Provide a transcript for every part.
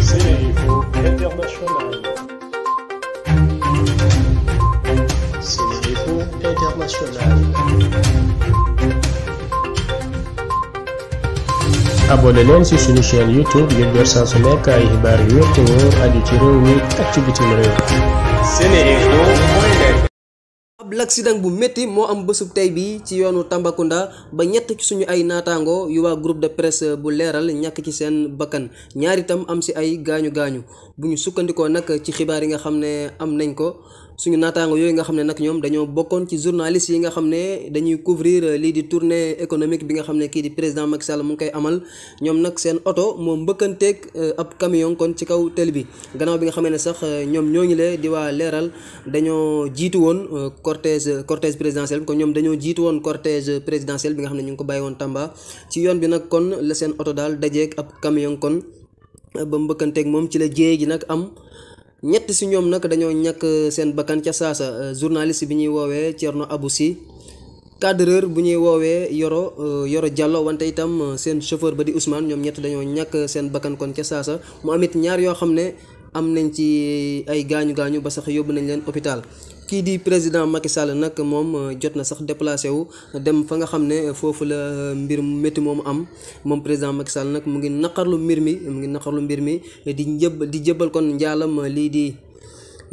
Sénéinfo International. Sénéinfo International. abonné YouTube ngir jot saa su nekk ay xibaar yu wér te ab l'accident bu métti moo am bësub tey bii ci yoonu Tambacounda ba ñett ci suñu ay naataango yu waa groupe de presse bu leeral ñàkk ci seen bakkan ñaar itam am si ay gaañu gaañu bu ñu sukkandikoo nag ci xibaar yi nga xam ne am nañ ko suñu naataango yooyu nga xam ne nag ñoom dañoo bokkoon ci journaliste yi nga xam ne dañuy couvrir euh, lii di tournée économique bi nga xam ne kii di président Macky Sall mu ngi koy amal ñoom nag seen oto moo mbëkkanteeg euh, ab camion kon ci kaw tël bi gannaaw bi nga xamee ne sax euh, ñoom ñooñu lee di waa leeral jiitu woon cortège cortège présidentiel kon ñoom dañoo jiitu woon cortège présidentiel bi nga xam ne ñu ngi ko bàyyi woon ci yoon bi nag kon la seen oto daal dajeeg ab camion ba mbëkkanteeg moom ci la jéey ji nag am ñett si ñoom nag dañoo ñàkk seen bakkan ca saasa euh, journaliste bi ñuy woowee Thierno Abou Sy cadreur bu ñuy woowee Yoro euh, Yoro Diallo wante itam euh, seen chauffeur ba di Ousmane ñoom ñett dañoo ñàkk seen bakkan kon ca saasa mu amit ñaar yoo xam ne am nañ ci ay gaañu gaañu ba sax yóbbu nañ leen hôpital kii di président Macky Sall nag moom euh, jot na sax déplacé wu dem fa nga xam ne euh, foofu la euh, mbir métti moomu am moom président Macky Sall nag mu ngi naqarlu mbir mi mu ngi naqarlu mbir mi di njëb di jëbal kon njaalam lii di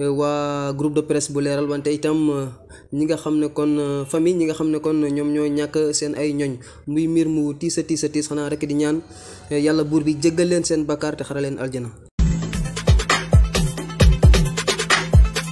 waa groupe de presse bu leeral wante itam ñi nga xam ne kon famille ñi nga xam ne kon ñoom ñoo ñàkk seen ay ñoñ muy mbir mu tiis a tiis a tiis xanaa rek di ñaan yàlla buur bi jéggal leen seen bakkaar te xara leen aljana